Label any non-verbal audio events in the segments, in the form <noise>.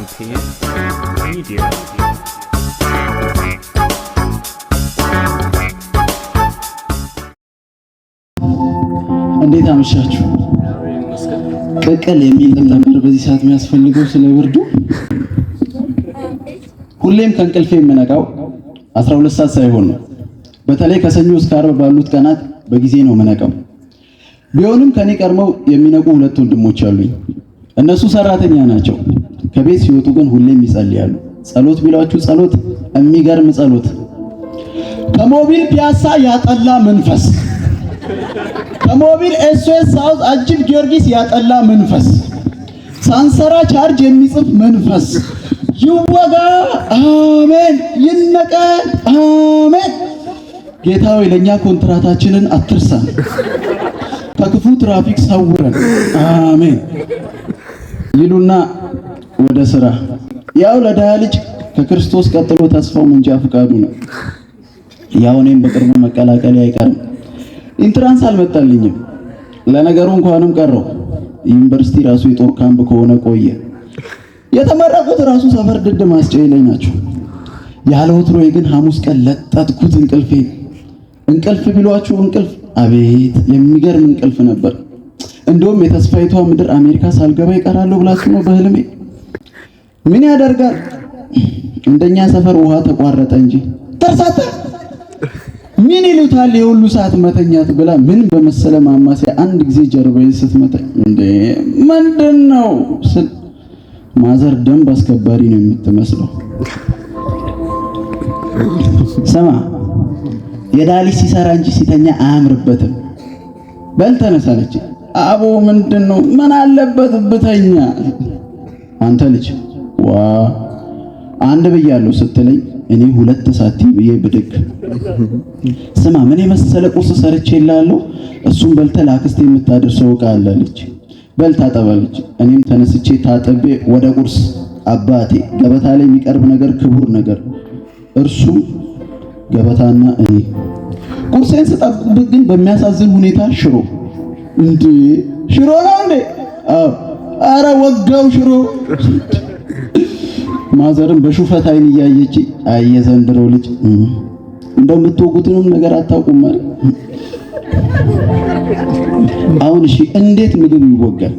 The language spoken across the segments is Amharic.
welcome Media. እንዴት አመሻችሁ? በቀል የሚል ነበር በዚህ ሰዓት የሚያስፈልገው ስለብርዱ ሁሌም ከእንቅልፌ የምነቃው 12 ሰዓት ሳይሆን ነው። በተለይ ከሰኞ እስከ አርብ ባሉት ቀናት በጊዜ ነው የምነቃው። ቢሆንም ከኔ ቀድመው የሚነቁ ሁለት ወንድሞች አሉኝ። እነሱ ሰራተኛ ናቸው። ከቤት ሲወጡ ግን ሁሌም ይጸልያሉ። ጸሎት ቢሏችሁ ጸሎት፣ የሚገርም ጸሎት ከሞቢል ፒያሳ ያጠላ መንፈስ፣ ከሞቢል ኤስኦኤስ ሳውዝ አጅብ ጊዮርጊስ ያጠላ መንፈስ፣ ሳንሰራ ቻርጅ የሚጽፍ መንፈስ ይወጋ፣ አሜን። ይነቀ አሜን። ጌታ ሆይ ለእኛ ኮንትራታችንን አትርሳ፣ ከክፉ ትራፊክ ሰውረን፣ አሜን። ይሉና ወደ ስራ ያው ለድሃ ልጅ ከክርስቶስ ቀጥሎ ተስፋው መንጃ ፈቃዱ ነው። ያው እኔም በቅርቡ መቀላቀል አይቀርም። ኢንትራንስ አልመጣልኝም። ለነገሩ እንኳንም ቀረው። ዩኒቨርሲቲ ራሱ የጦር ካምፕ ከሆነ ቆየ። የተመረቁት ራሱ ሰፈር ድድ ማስጨይ ላይ ናቸው። ያለ ወትሮ ግን ሐሙስ ቀን ለጠጥኩት እንቅልፌ። እንቅልፍ ቢሏችሁ እንቅልፍ፣ አቤት የሚገርም እንቅልፍ ነበር። እንደውም የተስፋይቷ ምድር አሜሪካ ሳልገባ ይቀራለሁ ብላችሁ ነው በህልሜ። ምን ያደርጋል እንደኛ ሰፈር ውሃ ተቋረጠ እንጂ ተርሳተ ምን ይሉታል የሁሉ ሰዓት መተኛት ብላ ምን በመሰለ ማማሲያ አንድ ጊዜ ጀርባዬን ስትመታኝ እንዴ ምንድን ነው ስል ማዘር ደንብ አስከባሪ ነው የምትመስለው። ስማ የዳሊ ሲሰራ እንጂ ሲተኛ አያምርበትም። በል ተነሳለች አቦ ምንድን ነው? ምን አለበት ብተኛ። አንተ ልጅ ዋ አንድ ብያለሁ ስትለኝ እኔ ሁለት ሳቲ ብዬ ብድግ። ስማ ምን የመሰለ ቁርስ ላለሁ እሱም በልተ ለአክስቴ የምታደርሰው እቃ አለ ልጅ በል ታጠባ እኔም ተነስቼ ታጥቤ ወደ ቁርስ አባቴ ገበታ ላይ የሚቀርብ ነገር ክቡር ነገር እርሱ ገበታና እኔ ቁርሴን ስጠብቅ ግን በሚያሳዝን ሁኔታ ሽሮ እንዲ ሽሮ ነው እንዴ? አዎ። አረ ወጋው ሽሮ። ማዘርም በሹፈት አይን እያየች አየ ዘንድሮ ልጅ እንደምትወጉትንም ነገር አታውቁም ማለት አሁን እሺ፣ እንዴት ምግብ ይወጋል?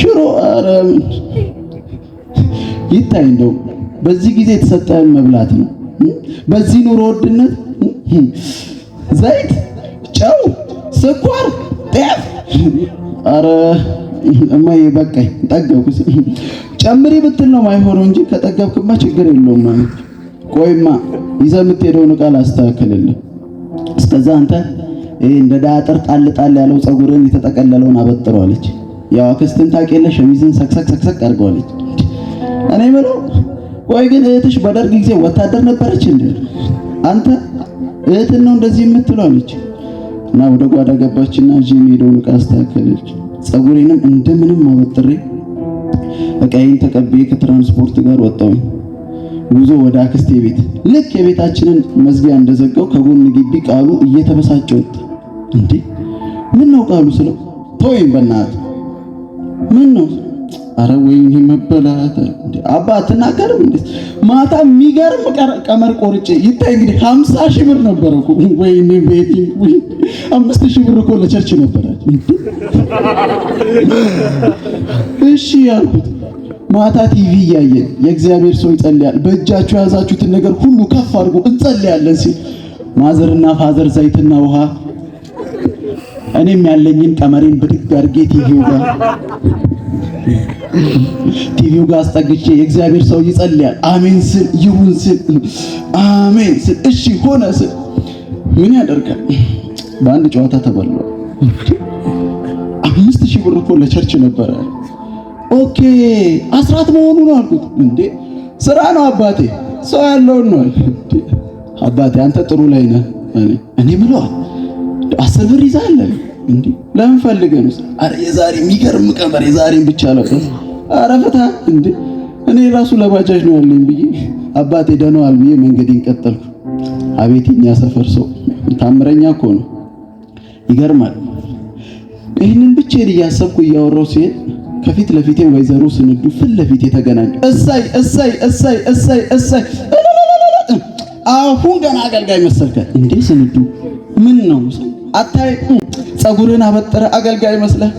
ሽሮ አረ ይታይ እንደው በዚህ ጊዜ የተሰጠህን መብላት ነው። በዚህ ኑሮ ውድነት ዘይት፣ ጨው ስኳር፣ ጤፍ አረ እማዬ በቃ ጠገብኩስ ጨምሪ ብትል ነው ማይሆነው እንጂ ከጠገብክማ ችግር የለውም ማለት ቆይማ ይዘህ የምትሄደውን ዕቃ ላስተካክልልህ። እስከዛ አንተ ይሄ እንደ ዳጥር ጣል ጣል ያለው ፀጉርን የተጠቀለለውን አበጥሯለች ያው አክስትን ታውቂያለሽ፣ ሸሚዝን ሰክሰክ ሰክሰክ አድርገዋለች። እኔ የምለው ቆይ ግን እህትሽ በደርግ ጊዜ ወታደር ነበረች እንዴ? አንተ እህትን ነው እንደዚህ የምትለው አለች። እና ወደ ጓዳ ገባችና እጅ የሚሄደውን ዕቃ አስተካከለች። ጸጉሬንም እንደምንም አበጥሬ እቃዬን ተቀብዬ ከትራንስፖርት ጋር ወጣሁኝ። ጉዞ ወደ አክስቴ ቤት። ልክ የቤታችንን መዝጊያ እንደዘጋው ከጎን ግቢ ቃሉ እየተበሳጨ ወጣ። እንዴ ምን ነው ቃሉ ስለው ተወይም በእናትህ ምን ነው አረ ወይም ይመበላት አባ አትናገርም እንዴ? ማታ የሚገርም ቀመር ቆርጬ ይታይ እንግዲህ 50 ሺህ ብር ነበር እኮ ወይ ቤቲ ወይ አምስት ሺህ ብር እኮ ለቸርች ነበረ። እሺ ያልኩት ማታ ቲቪ እያየን የእግዚአብሔር ሰው ይጸልያል፣ በእጃችሁ የያዛችሁትን ነገር ሁሉ ከፍ አድርጎ እንጸልያለን ሲል ማዘርና ፋዘር ዘይትና ውሃ እኔም ያለኝን ቀመሬን ብድግ አድርጌ ቲቪው ጋር ቲቪው ጋር አስጠግቼ የእግዚአብሔር ሰው ይጸልያል። አሜን ስል ይሁን ስል አሜን ስል እሺ ሆነ ስል ምን ያደርጋል? በአንድ ጨዋታ ተበሏል። አምስት ሺህ ብር እኮ ለቸርች ነበረ። ኦኬ አስራት መሆኑ ነው አልኩት። እንዴ ስራ ነው አባቴ፣ ሰው ያለውን ነው አባቴ። አንተ ጥሩ ላይ ነህ። እኔ ምለዋል አስር ብር ይዛለን እንዴ ለምን አረ የዛሬ የሚገርም ቀመር የዛሬን ብቻ ነው። አረ ፈታ እንዴ እኔ ራሱ ለባጃጅ ነው ያለኝ ብዬ አባቴ ደነዋል ብዬ መንገዴን ቀጠልኩ። አቤት የኛ ሰፈር ሰው ታምረኛ እኮ ነው፣ ይገርማል። ይህንን ብቻ እያሰብኩ እያወራው ሲሄድ ከፊት ለፊቴ ወይዘሮ ስንዱ ፊት ለፊቴ ተገናኙ። እሰይ እሰይ እሰይ እሰይ እሰይ! አሁን ገና አገልጋይ መሰልከት እንዴ ስንዱ ምን ነው አታይ ጸጉርን አበጠረ አገልጋይ መስለህ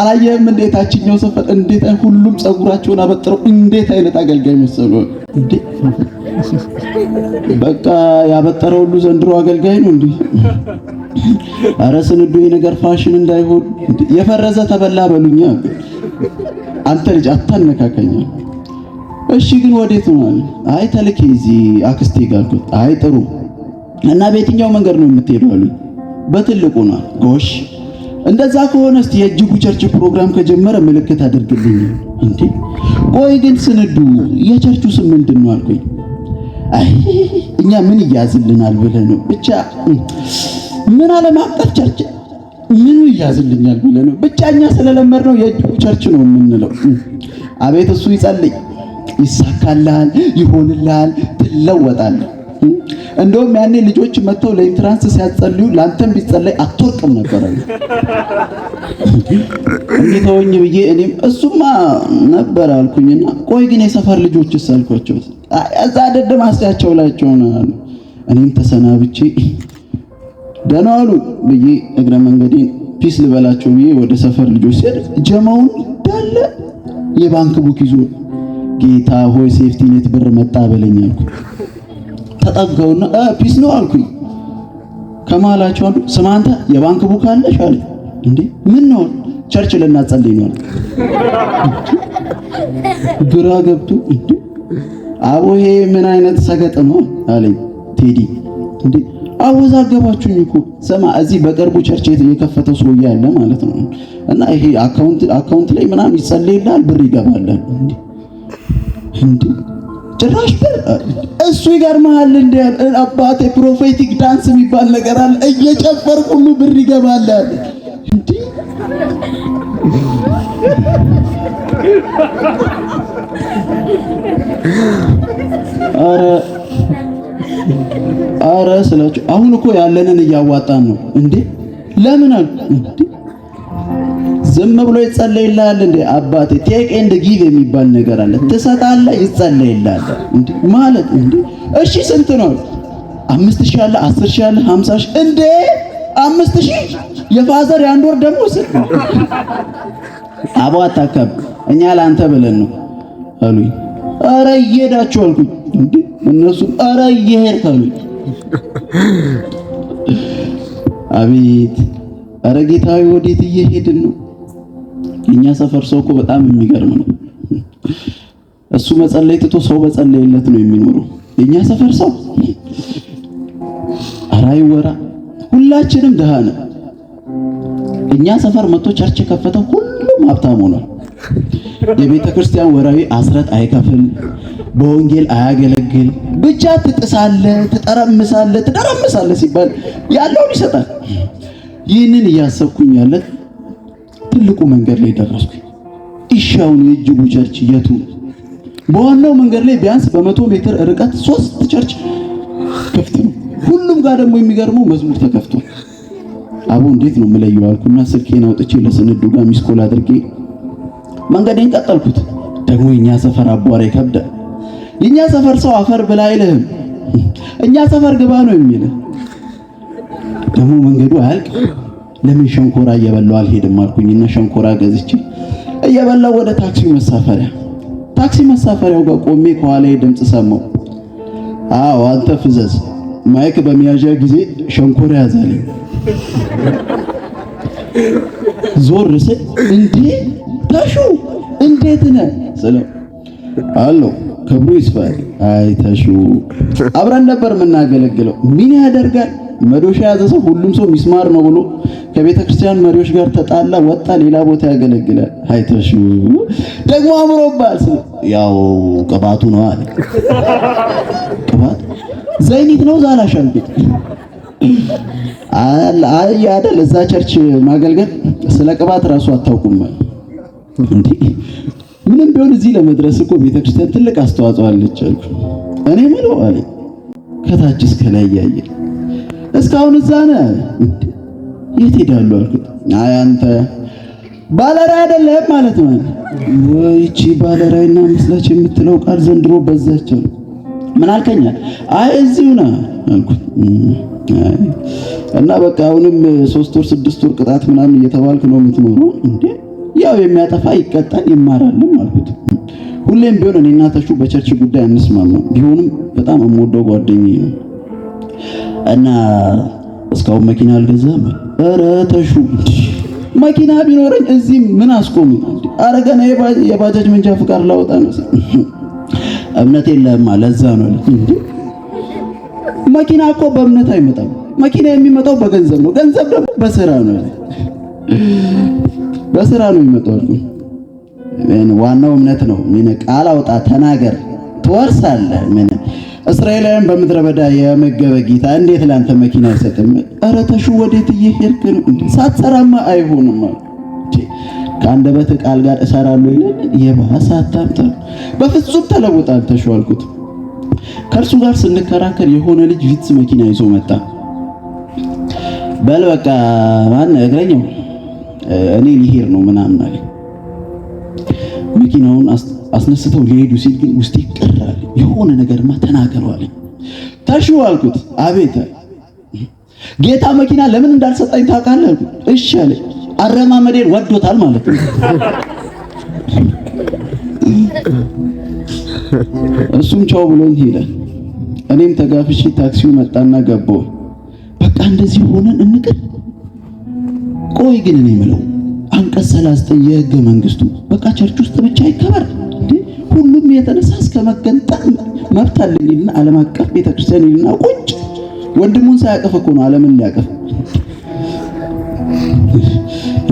አላየህም? እንዴት አችኛው ሰፈር እንዴት ሁሉም ጸጉራቸውን አበጥረው እንዴት አይነት አገልጋይ መሰሉ። በቃ ያበጠረ ሁሉ ዘንድሮ አገልጋይ ነው እንዴ? አረ ስንዱ ነገር ፋሽን እንዳይሆን የፈረዘ ተበላ በሉኛ። አንተ ልጅ አታነካከኛ። እሺ ግን ወዴት ነው አይ ተልኬ እዚህ አክስቴ ጋር አይ ጥሩ እና በየትኛው መንገድ ነው የምትሄደው አሉኝ። በትልቁ ነው ጎሽ እንደዛ ከሆነ እስቲ የእጅጉ ቸርች ፕሮግራም ከጀመረ ምልክት አድርግልኝ። እንዴ ቆይ ግን ስንዱ የቸርቹ ስም ምንድን ነው አልኩኝ። አይ እኛ ምን ይያዝልናል ብለህ ነው ብቻ ምን ዓለም ቸርች ምኑ ይያዝልኛል ብለህ ነው ብቻ እኛ ስለለመድ ነው የእጅጉ ቸርች ነው የምንለው። አቤት እሱ ይጸልይ፣ ይሳካልሃል፣ ይሆንልሃል፣ ትለወጣለህ። እንደውም ያኔ ልጆች መጥተው ለኢንትራንስ ሲያጸልዩ ለአንተም ቢጸለይ አትወርቅም ነበረ። እንዲተወኝ ብዬ እኔም እሱማ ነበረ አልኩኝና ቆይ ግን የሰፈር ልጆች ሳልኳቸው እዛ ደደም አስያቸው ላቸው ነው። እኔም ተሰናብቼ ደህና ዋሉ ብዬ እግረ መንገዴን ፒስ ልበላቸው ብዬ ወደ ሰፈር ልጆች ሲሄድ ጀማውን እንዳለ የባንክ ቡክ ይዞ ጌታ ሆይ ሴፍቲ ኔት ብር መጣ በለኝ አልኩ። ተጠጋውና ፒስ ነው አልኩኝ። ከመሀላቸው አንዱ ስማንተ አንተ የባንክ ቡክ አለሽ አለ። እንዴ ምን ነው ቸርች ልናጸልይ ነው። ግራ ገብቶ እንዴ አቦ ይሄ ምን አይነት ሰገጥ ነው አለኝ። ቴዲ እንዴ አወዛገባችሁኝ እኮ ስማ፣ እዚህ በቅርቡ ቸርች የከፈተው ሰው ያለ ማለት ነው እና ይሄ አካውንት አካውንት ላይ ምናምን ይጸልይልሃል ብር ይገባል እንዴ ጭራሽ ብር እሱ ይገርምሃል። እንደ አባቴ ፕሮፌቲክ ዳንስ የሚባል ነገር አለ። እየጨፈር ሁሉ ብር ይገባል አለ። አረ አረ ስላችሁ አሁን እኮ ያለንን እያዋጣን ነው እንዴ? ለምን አሉ እንዴ ዝም ብሎ ይጸለይልሃል እንዴ? አባቴ ቴክ ኤንድ ጊቭ የሚባል ነገር አለ። ትሰጣለህ፣ ይጸለይልሃል እንዴ ማለት እንዴ። እሺ ስንት ነው? አምስት ሺህ አለ፣ አስር ሺህ አለ፣ ሀምሳ ሺህ እንዴ። አምስት ሺህ የፋዘር የአንድ ወር ደግሞ ስንት አቦ አታከብ፣ እኛ ለአንተ ብለን ነው አሉኝ። አረ እየሄዳችሁ አልኩኝ እንዴ። እነሱ አረ እየሄድክ አሉኝ። አቤት፣ ኧረ ጌታዊ ወዴት እየሄድን ነው? እኛ ሰፈር ሰው እኮ በጣም የሚገርም ነው። እሱ መጸለይ ትቶ ሰው መጸለይለት ነው የሚኖረው። እኛ ሰፈር ሰው አራይ ወራ ሁላችንም ድሃ ነው። እኛ ሰፈር መጥቶ ቸርች ከፈተ፣ ሁሉም ሀብታም ሆኗል። የቤተ ክርስቲያን ወራዊ አስረት አይከፍል፣ በወንጌል አያገለግል፣ ብቻ ትጥሳለ፣ ትጠረምሳለ፣ ትደረምሳለ ሲባል ያለውን ይሰጣል። ይህንን እያሰብኩኝ ያለት ትልቁ መንገድ ላይ ደረስኩ። ኢሻውን የእጅጉ ቸርች የቱ በዋናው መንገድ ላይ ቢያንስ በመቶ ሜትር ርቀት ሶስት ቸርች ክፍት ነው። ሁሉም ጋር ደግሞ የሚገርመው መዝሙር ተከፍቶ አቡ እንዴት ነው የምለየው አልኩና ስልኬን አውጥቼ ለስንዱ ጋር ሚስኮል አድርጌ መንገዴን ቀጠልኩት። ደግሞ የኛ ሰፈር አቧራ ይከብዳል። የኛ ሰፈር ሰው አፈር ብላ አይልህም። እኛ ሰፈር ግባ ነው የሚልህ። ደግሞ መንገዱ አያልቅ ለምን ሸንኮራ እየበላው አልሄድም አልኩኝ እና ሸንኮራ ገዝቼ እየበላው ወደ ታክሲ መሳፈሪያ ታክሲ መሳፈሪያው ጋር ቆሜ ከኋላ ድምፅ ሰማው አዎ አንተ ፍዘዝ ማይክ በመያዣ ጊዜ ሸንኮራ ያዛለኝ። ዞር ስል እንዴ ተሹ እንዴት ነ ስለው አሎ ክብሩ ይስፋል። አይ ተሹ አብረን ነበር የምናገለግለው ምን ያደርጋል መዶሻ የያዘ ሰው ሁሉም ሰው ሚስማር ነው ብሎ ከቤተ ክርስቲያን መሪዎች ጋር ተጣላ፣ ወጣ፣ ሌላ ቦታ ያገለግላል። አይተሹ ደግሞ አምሮባል። ያው ቅባቱ ነው አለ። ቅባት ዘይኒት ነው ዛላሸንብት አይ አይደል፣ እዛ ቸርች ማገልገል ስለ ቅባት ራሱ አታውቁም። እንዴ ምንም ቢሆን እዚህ ለመድረስ እኮ ቤተክርስቲያን ትልቅ አስተዋጽኦ አለች አልኩ። እኔ ምለው አለ ከታች እስከ ላይ እስካሁን እዛ ነህ። የት ሄዳሉ አልኩት። አይ አንተ ባለራ አይደለም ማለት ነው። ወይ? ወይቺ ባለራይና ምስላች የምትለው ቃል ዘንድሮ በዛች። ምን አልከኛል? አይ እዚሁ ና አልኩት። እና በቃ አሁንም ሶስት ወር ስድስት ወር ቅጣት ምናምን እየተባልክ ነው የምትኖረው እንዴ? ያው የሚያጠፋ ይቀጣል ይማራልም አልኩት። ሁሌም ቢሆን እኔና እናታችሁ በቸርች ጉዳይ አንስማማም። ቢሆንም በጣም የምወደው ጓደኛዬ ነው። እና እስካሁን መኪና አልገዛም። ኧረ ተሹ መኪና ቢኖረኝ እዚህ ምን አስቆሙ? ኧረ ገና የባጃጅ መንጃ ፍቃድ ላወጣ ነው። እምነት የለማ ለዛ ነው። መኪና እኮ በእምነት አይመጣም። መኪና የሚመጣው በገንዘብ ነው። ገንዘብ ደግሞ በስራ ነው። በስራ ነው የሚመጣው። ዋናው እምነት ነው። ምን ቃል አውጣ፣ ተናገር፣ ትወርሳለህ። ምን እስራኤላውያን በምድረ በዳ የመገበ ጌታ እንዴት ላንተ መኪና አይሰጥም? ኧረ ተሹ ወዴት እየሄድክ ነው? ሳትሰራማ አይሆንም። ከአንደበት ቃል ጋር እሰራሉ ይላል። የባሰ አታምታ። በፍጹም ተለውጣ ተሹ አልኩት። ከእርሱ ጋር ስንከራከር የሆነ ልጅ ቪትዝ መኪና ይዞ መጣ። በል በቃ ማን እግረኛው እኔ ልሄድ ነው ምናምን አለኝ። አስነስተው ሊሄዱ ሲል ግን ውስጤ ቅር አለ። የሆነ ነገርማ ተናገረው አለኝ። ተሹ አልኩት። አቤት። ጌታ መኪና ለምን እንዳልሰጣኝ ታውቃለህ አልኩት። እሺ አለ። አረማመዴን ወዶታል ማለት ነው። እሱም ቻው ብሎኝ ሄደ። እኔም ተጋፍቼ ታክሲው መጣና ገባው በቃ እንደዚህ ሆነን እንቅር። ቆይ ግን እኔ የምለው አንቀጽ 39 የህገ መንግስቱ በቃ ቸርች ውስጥ ብቻ ይከበር ሁሉም የተነሳ እስከ መገንጠል መብት አለኝ ዓለም አቀፍ ቤተክርስቲያን ይልና ቁጭ ወንድሙን ሳያቀፍ እኮ ነው ዓለምን ሊያቀፍ።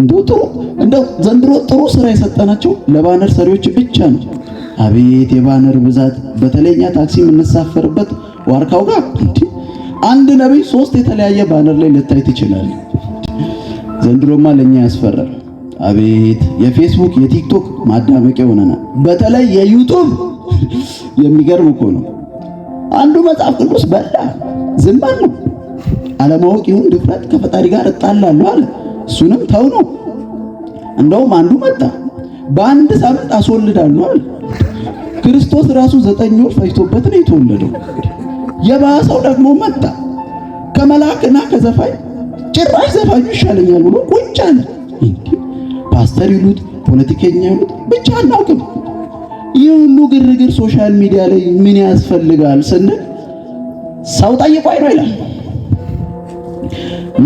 እንደው ጥሩ እንደው ዘንድሮ ጥሩ ስራ የሰጠናቸው ለባነር ሰሪዎች ብቻ ነው። አቤት የባነር ብዛት! በተለይኛ ታክሲ የምንሳፈርበት ዋርካው ጋር አንድ ነቢይ ሶስት የተለያየ ባነር ላይ ልታይ ትችላለህ። ዘንድሮማ ለኛ ያስፈራል። አቤት የፌስቡክ የቲክቶክ ማዳመቂያ ሆነናል። በተለይ የዩቱብ <laughs> የሚገርም እኮ ነው። አንዱ መጽሐፍ ቅዱስ በላ ዝም አለ። አለማወቅ ይሁን ድፍረት ከፈጣሪ ጋር እጣላለሁ አለ። እሱንም ተው ነው። እንደውም አንዱ መጣ በአንድ ሳምንት አስወልዳለሁ አለ። ክርስቶስ ራሱ ዘጠኝ ወር ፈጅቶበት ነው የተወለደው። የባሰው ደግሞ መጣ ከመልአክና ከዘፋኝ ጭራሽ ዘፋኙ ይሻለኛል ብሎ ቁጭ አለ። ፓስተር ይሉት ፖለቲከኛ ይሉት ብቻ አናውቅም። ይህ ሁሉ ግርግር ሶሻል ሚዲያ ላይ ምን ያስፈልጋል ስንል ሰው ጠይቋይ ነው ይላል።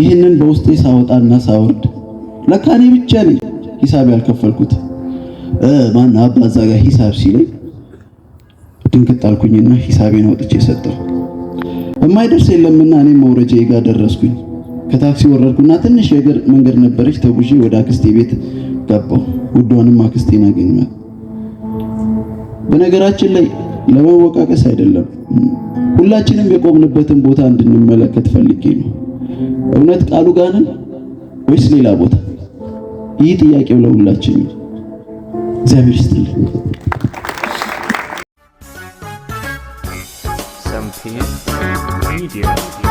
ይህንን በውስጤ ሳወጣና ሳወርድ ለካ እኔ ብቻ ነኝ ሂሳብ ያልከፈልኩት። ማን አባ እዛ ጋር ሂሳብ ሲለኝ ድንግጥ አልኩኝና ሂሳቤን አውጥቼ ሰጠሁ። የማይደርስ የለምና እኔም መውረጃዬ ጋር ደረስኩኝ። ከታክሲ ወረድኩና ትንሽ የእግር መንገድ ነበረች ተጉዤ ወደ አክስቴ ቤት ገባሁ። ውዷንም አክስቴን አገኘኋት። በነገራችን ላይ ለመወቃቀስ አይደለም፣ ሁላችንም የቆምንበትን ቦታ እንድንመለከት ፈልጌ ነው። እውነት ቃሉ ጋር ነን ወይስ ሌላ ቦታ? ይህ ጥያቄው ለሁላችን። እግዚአብሔር ይስጥልን። ሰምቴ ሚዲያ